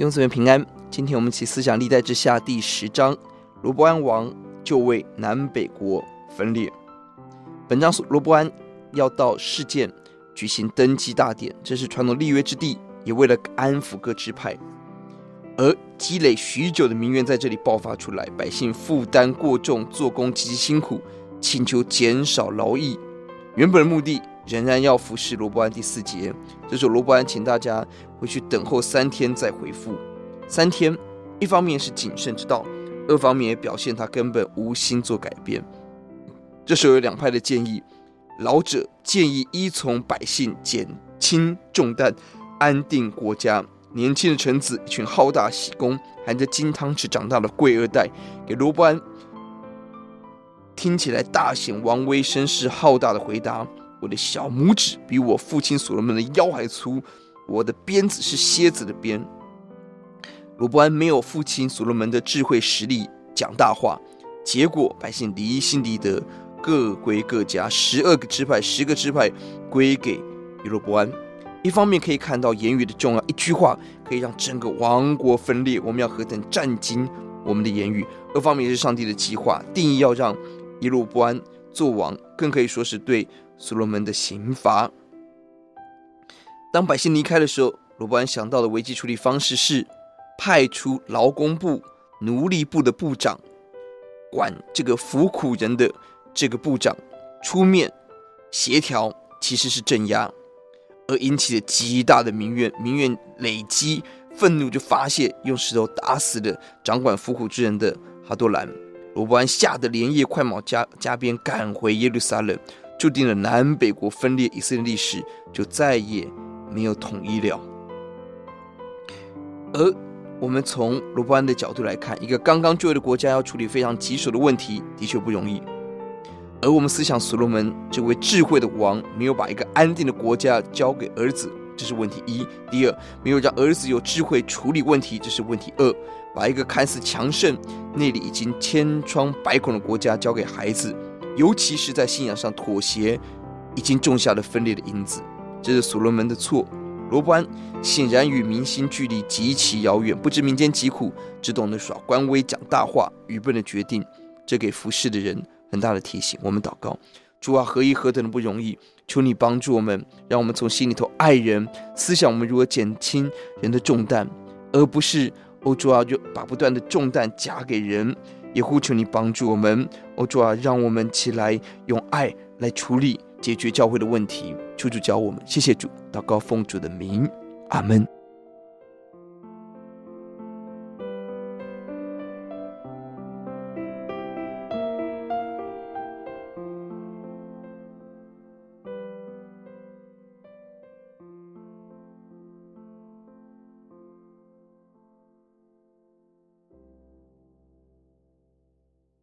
用子元平安，今天我們起思想歷代志下第十章，羅波安王就位，南北國分裂。本章羅波安要到示劍舉行登基大典，這是傳統立約之地，也為了安撫各支派。而積累許久的民怨在這裡爆發出來，百姓負擔過重，做工極其辛苦，請求減少勞役。原本的目的。仍然要服侍羅波安第四節，這時候羅波安請大家回去等候三天再回覆。三天，一方面是謹慎之道，二方面也表現他根本無心做改變。這時候有兩派的建議，老者建議依從百姓，減輕重擔，安定國家；年輕的臣子一群好大喜功，含着金湯匙長大的貴二代，給羅波安聽起來大顯王威，聲勢浩大的回答。我的小拇指比我父親所羅門的腰還粗，我的鞭子是蠍子的鞭。羅波安沒有父親所羅門的智慧實力講大話，結果百姓離心離德，各歸各家。十二個支派，十個支派歸給耶羅波安。一方面可以看到言語的重要，一句話可以讓整個王國分裂。我們要何等戰兢我們的言語。另一方面也是上帝的計劃，定意要讓耶羅波安。做王，更可以說是對所羅門的刑罰。當百姓離開的時候，羅波安想到的危機處理方式是，派出勞工部、奴隸部的部長，管這個服苦人的這個部長出面協調，其實是鎮壓，而引起了極大的民怨。民怨累積，憤怒就發洩，用石頭打死了掌管服苦之人的哈多蘭。羅波安嚇得連夜快馬加加鞭趕回耶路撒冷，注定了南北國分裂，以色列歷史就再也沒有統一了。而我們從羅波安的角度來看，一個剛剛就位的國家要處理非常棘手的問題，的確不容易。而我們思想所羅門這位智慧的王，沒有把一個安定的國家交給兒子。這是問題一。第二，沒有讓兒子有智慧處理問題，這是問題二。把一個看似強盛、內裡已經千瘡百孔的國家交給孩子，尤其是在信仰上妥協，已經種下了分裂的因子。這是所羅門的錯。羅波安顯然與民心距離極其遙遠，不知民間疾苦，只懂得耍官威、講大話、愚笨的決定，這給服侍的人很大的提醒。我們禱告。主啊，何以何等的不容易？求你幫助我們，讓我們從心裡頭愛人，思想我們如何減輕人的重擔，而不是歐、哦、主啊，就把不斷的重擔加給人。也呼求你幫助我們，歐、哦、主啊，讓我們起來用愛來處理解決教會的問題。求主教我們，謝謝主，禱告奉主的名，阿門。